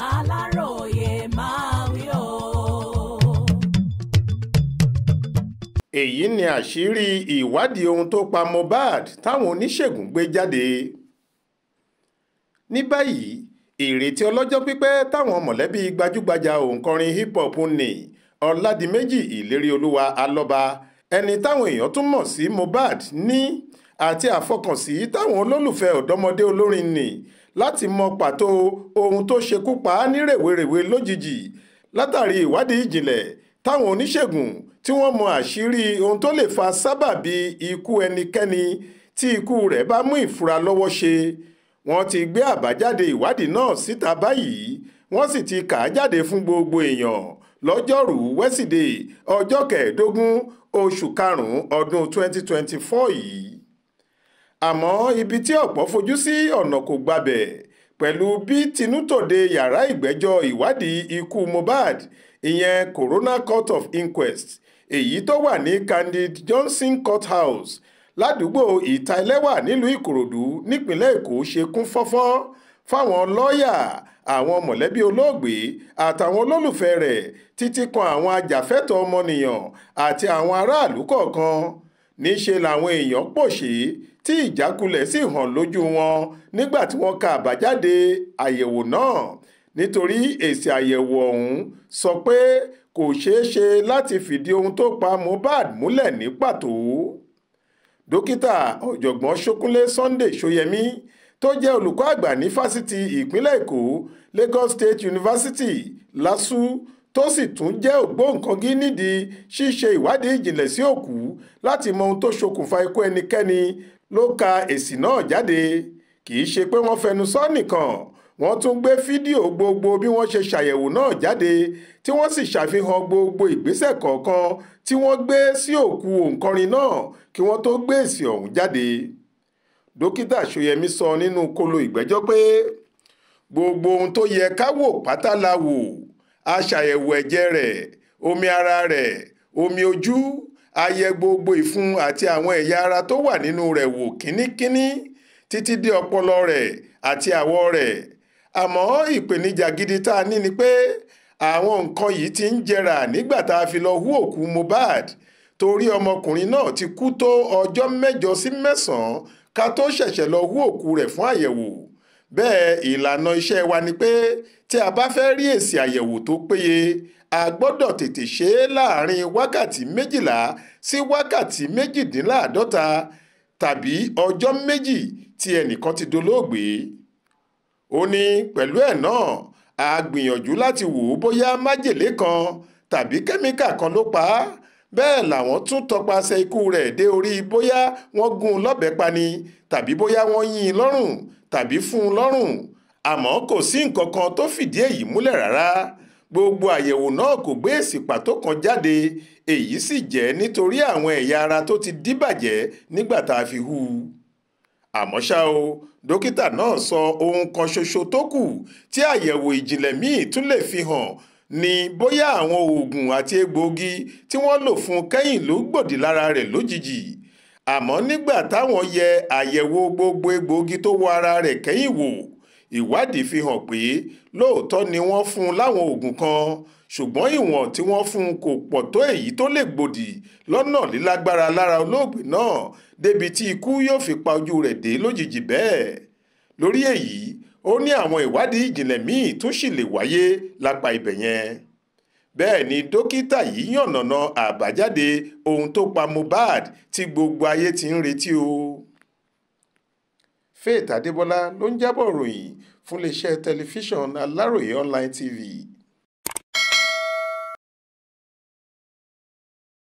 aláròye máa wí o. èyí ni àṣírí ìwádìí ohun tó pa Mohbad táwọn oníṣègùn gbé jáde ní báyìí ìrètí ọlọ́jọ́ pípẹ́ táwọn mọ̀lẹ́bí gbajúgbajà òǹkọrin hip hop ní ọ̀làdìmẹ́jì ìlérí olúwa alọ́ba ẹni táwọn èèyàn tún mọ̀ sí Mohbad ní àti àfọkànsí táwọn olólùfẹ́ ọ̀dọ́mọdé olórin ní láti mọ pàtó ohun tó ṣekú pa á ní rèwerèwe lójijì látàrí ìwádìí ìjìnlẹ̀ táwọn oníṣègùn tí wọ́n mọ àṣírí ohun tó lè fa sábàbí ikú ẹnikẹ́ni tí ikú rẹ̀ bá mú ìfura lọ́wọ́ ṣe wọ́n ti gbé àbájáde ìwádìí náà síta báyìí wọ́n sì ti kà á jáde fún gbogbo èèyàn lọ́jọ́rùú wẹ́sídẹ̀ẹ́ ọjọ́ kẹẹ̀ẹ́dógún oṣù karùn-ún ọdún 2024 yìí àmọ́ ibi tí ọ̀pọ̀ fojú sí ọ̀nà kò gbabẹ̀ pẹ̀lú bí tinútòde yàrá ìgbẹ́jọ́ ìwádìí ikú Mohbad ìyẹn Corona Court of Inquest èyí tó wà ní Candid Johnson Courthouse ládùúgbò ìta ẹlẹ́wà nílùú Ìkòròdú nípínlẹ̀ Èkó ṣe kún fọ́fọ́ fáwọn lọ́ọ̀yà àwọn mọ̀lẹ́bí olóògbé àtàwọn olólùfẹ́ rẹ̀ títí kan àwọn ajàfẹ́tọ̀ọ́ ọmọnìyàn àti àwọn aráàlú kọ̀ọ̀kan níṣe làwọn èèyàn pòṣé tí ìjákulẹ̀ sì hàn lójú wọn nígbà tí wọ́n ka àbájáde àyẹ̀wò náà nítorí èsì àyẹ̀wò ọ̀hún sọ pé kò ṣeé ṣe láti fìdí ohun tó pa Mohbad múlẹ̀ ní pàtó dókítà ọ̀jọ̀gbọ́n Ṣókúnlé Sunday Ṣóyẹmí tó jẹ́ olùkọ́ àgbà ní fásitì ìpínlẹ̀ Èkó Lagos State University LASU tó sì tún jẹ́ ògbóǹkangí nídìí ṣíṣe ìwádìí ìjìnlẹ̀ sí òkú láti mọ ohun tó ṣokùnfà ikú ẹnikẹ́ni ló ka èsì náà jáde kì í ṣe pé wọ́n fẹnu sọ nìkan wọ́n tún gbé fídíò gbogbo bí wọ́n ṣe ṣàyẹ̀wò náà jáde tí wọ́n sì ṣàfihàn gbogbo ìgbésẹ̀ kọ̀ọ̀kan tí wọ́n gbé sí òkú òǹkọrin náà kí wọ́n tó gbé èsì ọ̀hún jáde dókítà ṣóyẹmí sọ nínú kóló ìgbẹ́jọ́ pé gbogbo ohun tó yẹ ká wò pátá la wò a ṣàyẹ̀wò ẹ̀jẹ̀ rẹ̀ omi ara rẹ̀ omi ojú a yẹ gbogbo ìfun àti àwọn ẹ̀yà ara tó wà nínú rẹ̀ wò kínníkínní títí dé ọpọlọ rẹ̀ àti àwọ̀ rẹ̀ àmọ́ ìpèníjà gidi tá a ní ni pé àwọn nǹkan yìí ti ń jẹrà nígbà tá a fi lọ hú òkú Mohbad torí ọmọkùnrin náà ti kú tó ọjọ́ mẹ́jọ sí mẹ́sàn-án ká tó ṣẹ̀ṣẹ̀ lọ hú òkú rẹ̀ fún àyẹ̀wò bẹ́ẹ̀ ìlànà iṣẹ́ wa ni pé tí a bá fẹ́ rí èsì àyẹ̀wò tó péye a gbọ́dọ̀ tètè ṣe é láàrin wákàtí méjìlá sí wákàtí méjìdínláàádọ́ta tàbí ọjọ́ méjì tí ẹnìkan ti dolóògbé ó ní pẹ̀lú ẹ̀ náà a gbìyànjú láti wò ó bóyá májèlé kan tàbí kẹ́míkà kan ló pa á bẹ́ẹ̀ làwọn tún tọpasẹ̀ ikú rẹ̀ dé orí bóyá wọ́n gún un lọ́bẹ pa tàbí bóyá wọ́n yín in lọ́rùn tàbí fún un lọ́rùn àmọ́ kò sí nǹkan kan tó fìdí èyí múlẹ̀ rárá gbogbo àyẹ̀wò náà kò gbé èsì pàtó kan jáde èyí sì jẹ́ nítorí àwọn ẹ̀yà ara tó ti díbàjẹ́ nígbà tá a fi hù àmọ́ ṣá o dókítà náà sọ ohun kan ṣoṣo tó kù tí àyẹ̀wò ìjìnlẹ̀ míì tún lè fi hàn ni bóyá àwọn oògùn àti egbòogi tí wọ́n lò fún kẹ́yìn ló gbòdì lára rẹ̀ lójijì àmọ́ nígbà táwọn yẹ àyẹ̀wò gbogbo egbòogi tó wọ ara rẹ̀ kẹ́yìn wò ìwádìí fi hàn pé lóòótọ́ ni wọ́n fún un láwọn oògùn kan ṣùgbọ́n ìwọ̀n tí wọ́n fún un kò pọ̀ tó èyí tó lè gbòdì lọ́nà lílágbára lára olóògbé náà débi tí ikú yóò fi pa ojú rẹ̀ dé lójijì bẹ́ẹ̀ lórí èyí ó ní àwọn ìwádìí ìjìnlẹ̀ míì tún sì lè wáyé lápá ibẹ̀ yẹn bẹ́ẹ̀ ni dókítà yìí yànnàná àbájáde ohun tó pa Mohbad tí gbogbo ayé ti ń retí o. Faith Adébọlá ló ń jábọ̀ ròyìn fún iléeṣẹ́ tẹlifíṣàn Aláròye online TV.